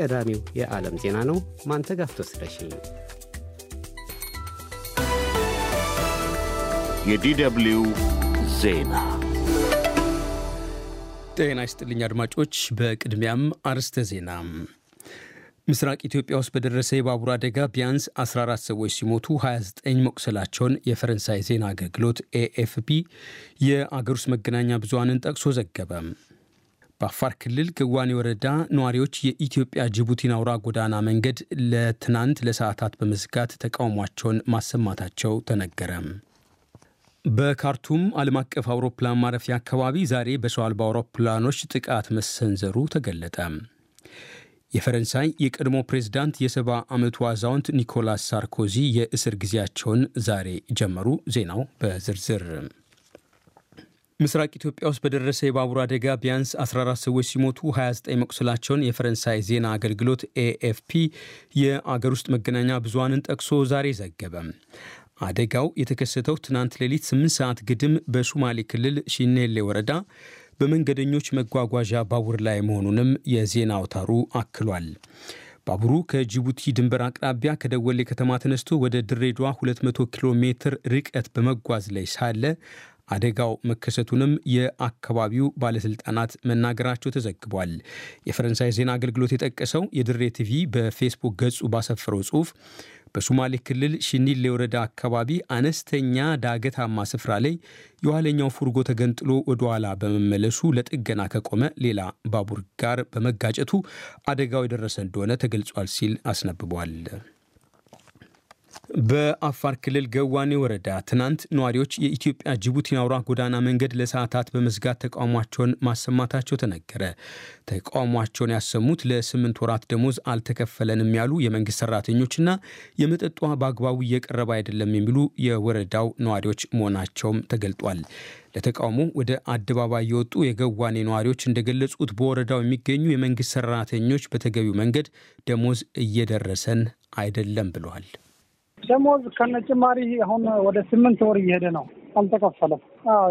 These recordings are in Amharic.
ቀዳሚው የዓለም ዜና ነው። ማንተጋፍቶ ስለሺ የዲደብልዩ ዜና። ጤና ይስጥልኝ አድማጮች። በቅድሚያም አርስተ ዜና ምስራቅ ኢትዮጵያ ውስጥ በደረሰ የባቡር አደጋ ቢያንስ 14 ሰዎች ሲሞቱ 29 መቁሰላቸውን የፈረንሳይ ዜና አገልግሎት ኤኤፍፒ የአገር ውስጥ መገናኛ ብዙሃንን ጠቅሶ ዘገበ። በአፋር ክልል ገዋኔ ወረዳ ነዋሪዎች የኢትዮጵያ ጅቡቲን አውራ ጎዳና መንገድ ለትናንት ለሰዓታት በመዝጋት ተቃውሟቸውን ማሰማታቸው ተነገረ። በካርቱም ዓለም አቀፍ አውሮፕላን ማረፊያ አካባቢ ዛሬ በሰው አልባ አውሮፕላኖች ጥቃት መሰንዘሩ ተገለጠ። የፈረንሳይ የቀድሞ ፕሬዝዳንት የሰባ ዓመቱ አዛውንት ኒኮላስ ሳርኮዚ የእስር ጊዜያቸውን ዛሬ ጀመሩ። ዜናው በዝርዝር ምስራቅ ኢትዮጵያ ውስጥ በደረሰ የባቡር አደጋ ቢያንስ 14 ሰዎች ሲሞቱ 29 መቁሰላቸውን የፈረንሳይ ዜና አገልግሎት ኤኤፍፒ የአገር ውስጥ መገናኛ ብዙሃንን ጠቅሶ ዛሬ ዘገበ። አደጋው የተከሰተው ትናንት ሌሊት 8 ሰዓት ግድም በሶማሌ ክልል ሺኔሌ ወረዳ በመንገደኞች መጓጓዣ ባቡር ላይ መሆኑንም የዜና አውታሩ አክሏል። ባቡሩ ከጅቡቲ ድንበር አቅራቢያ ከደወሌ ከተማ ተነስቶ ወደ ድሬዳዋ 200 ኪሎ ሜትር ርቀት በመጓዝ ላይ ሳለ አደጋው መከሰቱንም የአካባቢው ባለስልጣናት መናገራቸው ተዘግቧል። የፈረንሳይ ዜና አገልግሎት የጠቀሰው የድሬ ቲቪ በፌስቡክ ገጹ ባሰፈረው ጽሑፍ በሶማሌ ክልል ሽኒሌ ወረዳ አካባቢ አነስተኛ ዳገታማ ስፍራ ላይ የኋለኛው ፉርጎ ተገንጥሎ ወደ ኋላ በመመለሱ ለጥገና ከቆመ ሌላ ባቡር ጋር በመጋጨቱ አደጋው የደረሰ እንደሆነ ተገልጿል ሲል አስነብቧል። በአፋር ክልል ገዋኔ ወረዳ ትናንት ነዋሪዎች የኢትዮጵያ ጅቡቲን አውራ ጎዳና መንገድ ለሰዓታት በመዝጋት ተቃውሟቸውን ማሰማታቸው ተነገረ። ተቃውሟቸውን ያሰሙት ለስምንት ወራት ደሞዝ አልተከፈለንም ያሉ የመንግስት ሰራተኞችና የመጠጧ በአግባቡ እየቀረበ አይደለም የሚሉ የወረዳው ነዋሪዎች መሆናቸውም ተገልጧል። ለተቃውሞ ወደ አደባባይ የወጡ የገዋኔ ነዋሪዎች እንደገለጹት በወረዳው የሚገኙ የመንግስት ሰራተኞች በተገቢው መንገድ ደሞዝ እየደረሰን አይደለም ብለዋል። ደሞዝ ከነጭማሪ አሁን ወደ ስምንት ወር እየሄደ ነው። አልተከፈለም።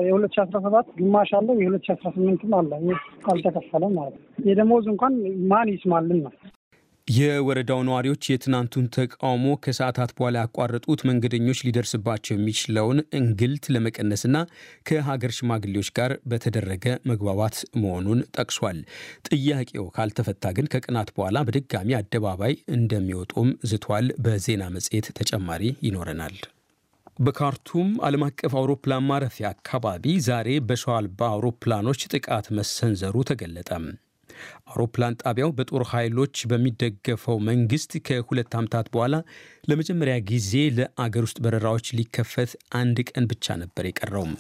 የሁለት ሺ አስራ ሰባት ግማሽ አለው የሁለት ሺ አስራ ስምንትም አለ። አልተከፈለም ማለት ነው። የደሞዝ እንኳን ማን ይስማልን ነው የወረዳው ነዋሪዎች የትናንቱን ተቃውሞ ከሰዓታት በኋላ ያቋረጡት መንገደኞች ሊደርስባቸው የሚችለውን እንግልት ለመቀነስና ከሀገር ሽማግሌዎች ጋር በተደረገ መግባባት መሆኑን ጠቅሷል። ጥያቄው ካልተፈታ ግን ከቀናት በኋላ በድጋሚ አደባባይ እንደሚወጡም ዝቷል። በዜና መጽሔት ተጨማሪ ይኖረናል። በካርቱም ዓለም አቀፍ አውሮፕላን ማረፊያ አካባቢ ዛሬ በሰው አልባ አውሮፕላኖች ጥቃት መሰንዘሩ ተገለጠ። አውሮፕላን ጣቢያው በጦር ኃይሎች በሚደገፈው መንግስት ከሁለት ዓመታት በኋላ ለመጀመሪያ ጊዜ ለአገር ውስጥ በረራዎች ሊከፈት አንድ ቀን ብቻ ነበር የቀረውም።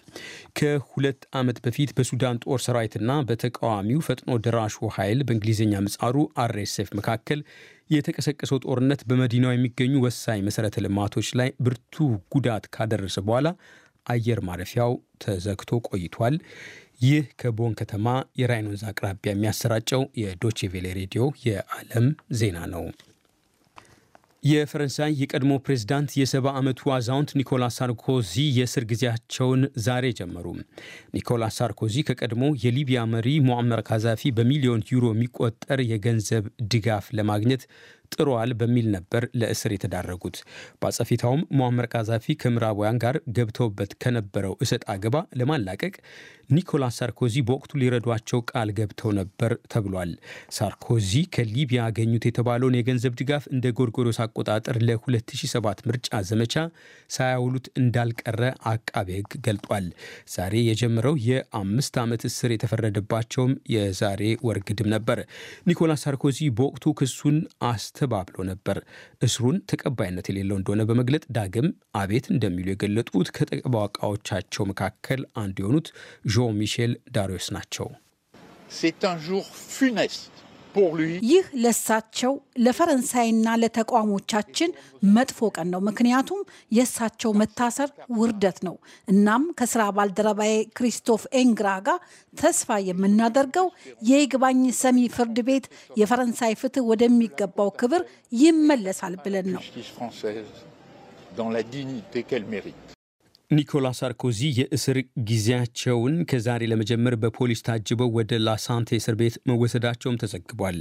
ከሁለት ዓመት በፊት በሱዳን ጦር ሰራዊትና በተቃዋሚው ፈጥኖ ደራሹ ኃይል በእንግሊዝኛ ምጻሩ አርኤስኤፍ መካከል የተቀሰቀሰው ጦርነት በመዲናው የሚገኙ ወሳኝ መሠረተ ልማቶች ላይ ብርቱ ጉዳት ካደረሰ በኋላ አየር ማረፊያው ተዘግቶ ቆይቷል። ይህ ከቦን ከተማ የራይን ወንዝ አቅራቢያ የሚያሰራጨው የዶችቬሌ ሬዲዮ የዓለም ዜና ነው። የፈረንሳይ የቀድሞ ፕሬዝዳንት የሰባ ዓመቱ አዛውንት ኒኮላስ ሳርኮዚ የእስር ጊዜያቸውን ዛሬ ጀመሩ። ኒኮላስ ሳርኮዚ ከቀድሞ የሊቢያ መሪ ሞአመር ካዛፊ በሚሊዮን ዩሮ የሚቆጠር የገንዘብ ድጋፍ ለማግኘት ጥሯል በሚል ነበር ለእስር የተዳረጉት። በአጸፊታውም ሞአመር ቃዛፊ ከምዕራባውያን ጋር ገብተውበት ከነበረው እሰጥ አገባ ለማላቀቅ ኒኮላስ ሳርኮዚ በወቅቱ ሊረዷቸው ቃል ገብተው ነበር ተብሏል። ሳርኮዚ ከሊቢያ ያገኙት የተባለውን የገንዘብ ድጋፍ እንደ ጎርጎሮስ አቆጣጠር ለ2007 ምርጫ ዘመቻ ሳያውሉት እንዳልቀረ አቃቤ ሕግ ገልጧል። ዛሬ የጀመረው የአምስት ዓመት እስር የተፈረደባቸውም የዛሬ ወር ግድም ነበር። ኒኮላስ ሳርኮዚ በወቅቱ ክሱን አስተ ተባብሎ ነበር። እስሩን ተቀባይነት የሌለው እንደሆነ በመግለጥ ዳግም አቤት እንደሚሉ የገለጡት ከተጠባባቂዎቻቸው መካከል አንዱ የሆኑት ዦ ሚሼል ዳሪዮስ ናቸው። ይህ ለሳቸው ለፈረንሳይና ለተቋሞቻችን መጥፎ ቀን ነው። ምክንያቱም የእሳቸው መታሰር ውርደት ነው። እናም ከስራ ባልደረባዬ ክሪስቶፍ ኤንግራ ጋር ተስፋ የምናደርገው የይግባኝ ሰሚ ፍርድ ቤት የፈረንሳይ ፍትህ ወደሚገባው ክብር ይመለሳል ብለን ነው። ኒኮላስ ሳርኮዚ የእስር ጊዜያቸውን ከዛሬ ለመጀመር በፖሊስ ታጅበው ወደ ላሳንቴ እስር ቤት መወሰዳቸውም ተዘግቧል።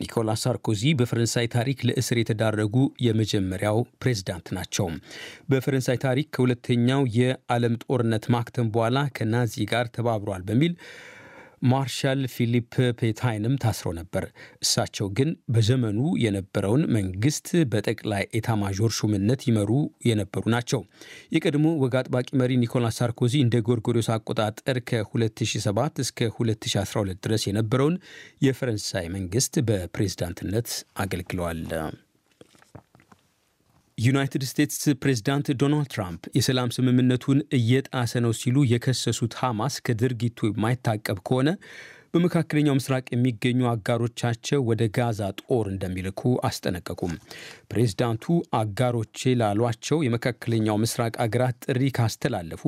ኒኮላ ሳርኮዚ በፈረንሳይ ታሪክ ለእስር የተዳረጉ የመጀመሪያው ፕሬዝዳንት ናቸው። በፈረንሳይ ታሪክ ከሁለተኛው የዓለም ጦርነት ማክተም በኋላ ከናዚ ጋር ተባብሯል በሚል ማርሻል ፊሊፕ ፔታይንም ታስሮ ነበር። እሳቸው ግን በዘመኑ የነበረውን መንግስት በጠቅላይ ኤታማዦር ሹምነት ይመሩ የነበሩ ናቸው። የቀድሞ ወግ አጥባቂ መሪ ኒኮላስ ሳርኮዚ እንደ ጎርጎሪዮስ አቆጣጠር ከ2007 እስከ 2012 ድረስ የነበረውን የፈረንሳይ መንግስት በፕሬዝዳንትነት አገልግለዋል። ዩናይትድ ስቴትስ ፕሬዝዳንት ዶናልድ ትራምፕ የሰላም ስምምነቱን እየጣሰ ነው ሲሉ የከሰሱት ሐማስ ከድርጊቱ የማይታቀብ ከሆነ በመካከለኛው ምስራቅ የሚገኙ አጋሮቻቸው ወደ ጋዛ ጦር እንደሚልኩ አስጠነቀቁም። ፕሬዝዳንቱ አጋሮቼ ላሏቸው የመካከለኛው ምስራቅ አገራት ጥሪ ካስተላለፉ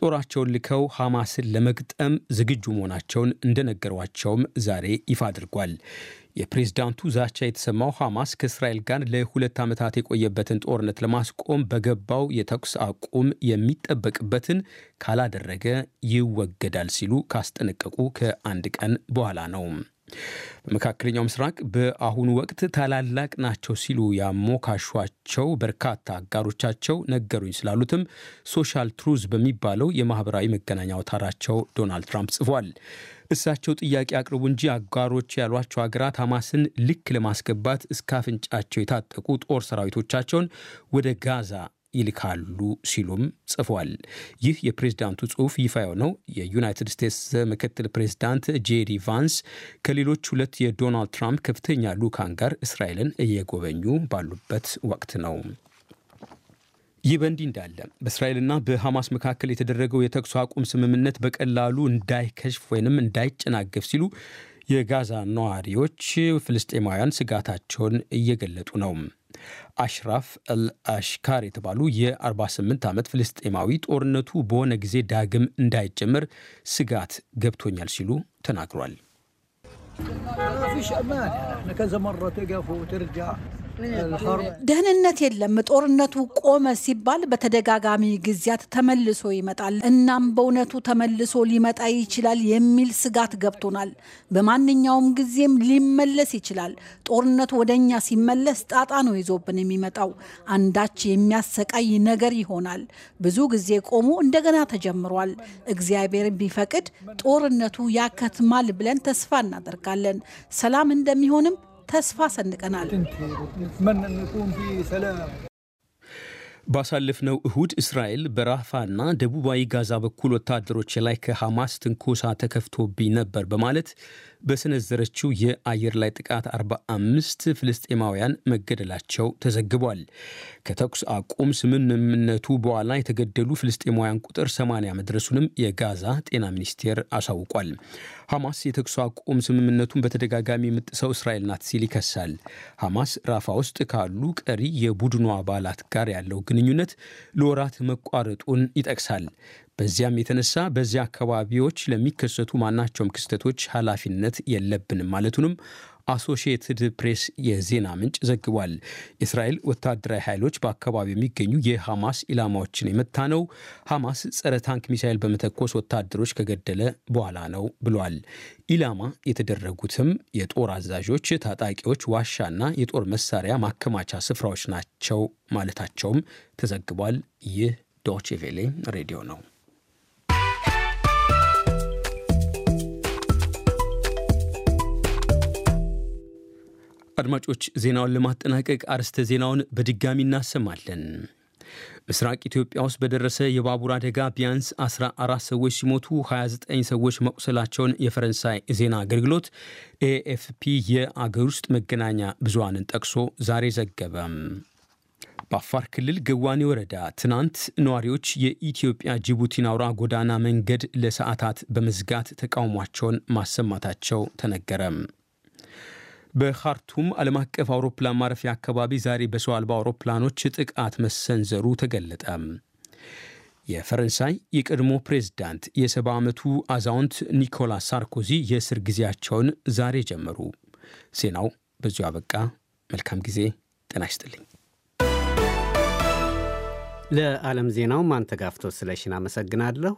ጦራቸውን ልከው ሐማስን ለመግጠም ዝግጁ መሆናቸውን እንደነገሯቸውም ዛሬ ይፋ አድርጓል። የፕሬዝዳንቱ ዛቻ የተሰማው ሐማስ ከእስራኤል ጋር ለሁለት ዓመታት የቆየበትን ጦርነት ለማስቆም በገባው የተኩስ አቁም የሚጠበቅበትን ካላደረገ ይወገዳል ሲሉ ካስጠነቀቁ ከአንድ ቀን በኋላ ነው። በመካከለኛው ምስራቅ በአሁኑ ወቅት ታላላቅ ናቸው ሲሉ ያሞካሿቸው በርካታ አጋሮቻቸው ነገሩኝ ስላሉትም ሶሻል ትሩዝ በሚባለው የማህበራዊ መገናኛ አውታራቸው ዶናልድ ትራምፕ ጽፏል። እሳቸው ጥያቄ አቅርቡ እንጂ አጋሮች ያሏቸው ሀገራት ሐማስን ልክ ለማስገባት እስከ አፍንጫቸው የታጠቁ ጦር ሰራዊቶቻቸውን ወደ ጋዛ ይልካሉ ሲሉም ጽፏል። ይህ የፕሬዝዳንቱ ጽሑፍ ይፋ የሆነው የዩናይትድ ስቴትስ ምክትል ፕሬዝዳንት ጄዲ ቫንስ ከሌሎች ሁለት የዶናልድ ትራምፕ ከፍተኛ ልዑካን ጋር እስራኤልን እየጎበኙ ባሉበት ወቅት ነው። ይህ በእንዲህ እንዳለ በእስራኤልና በሐማስ መካከል የተደረገው የተኩስ አቁም ስምምነት በቀላሉ እንዳይከሽፍ ወይንም እንዳይጨናገፍ ሲሉ የጋዛ ነዋሪዎች ፍልስጤማውያን ስጋታቸውን እየገለጡ ነው። አሽራፍ አልአሽካር የተባሉ የ48 ዓመት ፍልስጤማዊ ጦርነቱ በሆነ ጊዜ ዳግም እንዳይጀምር ስጋት ገብቶኛል ሲሉ ተናግሯል። ደህንነት የለም። ጦርነቱ ቆመ ሲባል በተደጋጋሚ ጊዜያት ተመልሶ ይመጣል። እናም በእውነቱ ተመልሶ ሊመጣ ይችላል የሚል ስጋት ገብቶናል። በማንኛውም ጊዜም ሊመለስ ይችላል። ጦርነቱ ወደ እኛ ሲመለስ ጣጣ ነው ይዞብን የሚመጣው። አንዳች የሚያሰቃይ ነገር ይሆናል። ብዙ ጊዜ ቆሞ እንደገና ተጀምሯል። እግዚአብሔር ቢፈቅድ ጦርነቱ ያከትማል ብለን ተስፋ እናደርጋለን። ሰላም እንደሚሆንም ተስፋ ሰንቀናል። ባሳለፍነው እሁድ እስራኤል በራፋና ደቡባዊ ጋዛ በኩል ወታደሮች ላይ ከሐማስ ትንኮሳ ተከፍቶብኝ ነበር በማለት በሰነዘረችው የአየር ላይ ጥቃት 45 ፍልስጤማውያን መገደላቸው ተዘግቧል። ከተኩስ አቁም ስምምነቱ በኋላ የተገደሉ ፍልስጤማውያን ቁጥር 80 መድረሱንም የጋዛ ጤና ሚኒስቴር አሳውቋል። ሐማስ የተኩስ አቁም ስምምነቱን በተደጋጋሚ የምጥሰው እስራኤል ናት ሲል ይከሳል። ሐማስ ራፋ ውስጥ ካሉ ቀሪ የቡድኑ አባላት ጋር ያለው ግንኙነት ለወራት መቋረጡን ይጠቅሳል። በዚያም የተነሳ በዚያ አካባቢዎች ለሚከሰቱ ማናቸውም ክስተቶች ኃላፊነት የለብንም ማለቱንም አሶሺየትድ ፕሬስ የዜና ምንጭ ዘግቧል። እስራኤል ወታደራዊ ኃይሎች በአካባቢው የሚገኙ የሐማስ ኢላማዎችን የመታ ነው ሐማስ ጸረ ታንክ ሚሳይል በመተኮስ ወታደሮች ከገደለ በኋላ ነው ብሏል። ኢላማ የተደረጉትም የጦር አዛዦች፣ ታጣቂዎች፣ ዋሻና የጦር መሳሪያ ማከማቻ ስፍራዎች ናቸው ማለታቸውም ተዘግቧል። ይህ ዶችቬሌ ሬዲዮ ነው። አድማጮች ዜናውን ለማጠናቀቅ አርስተ ዜናውን በድጋሚ እናሰማለን። ምስራቅ ኢትዮጵያ ውስጥ በደረሰ የባቡር አደጋ ቢያንስ 14 ሰዎች ሲሞቱ 29 ሰዎች መቁሰላቸውን የፈረንሳይ ዜና አገልግሎት ኤኤፍፒ የአገር ውስጥ መገናኛ ብዙሃንን ጠቅሶ ዛሬ ዘገበ። በአፋር ክልል ገዋኔ ወረዳ ትናንት ነዋሪዎች የኢትዮጵያ ጅቡቲን አውራ ጎዳና መንገድ ለሰዓታት በመዝጋት ተቃውሟቸውን ማሰማታቸው ተነገረም። በካርቱም ዓለም አቀፍ አውሮፕላን ማረፊያ አካባቢ ዛሬ በሰው አልባ አውሮፕላኖች ጥቃት መሰንዘሩ ተገለጠ። የፈረንሳይ የቀድሞ ፕሬዝዳንት የሰባ ዓመቱ አዛውንት ኒኮላስ ሳርኮዚ የእስር ጊዜያቸውን ዛሬ ጀመሩ። ዜናው በዚሁ አበቃ። መልካም ጊዜ። ጤና ይስጥልኝ። ለዓለም ዜናው ማንተጋፍቶ ስለሽን አመሰግናለሁ።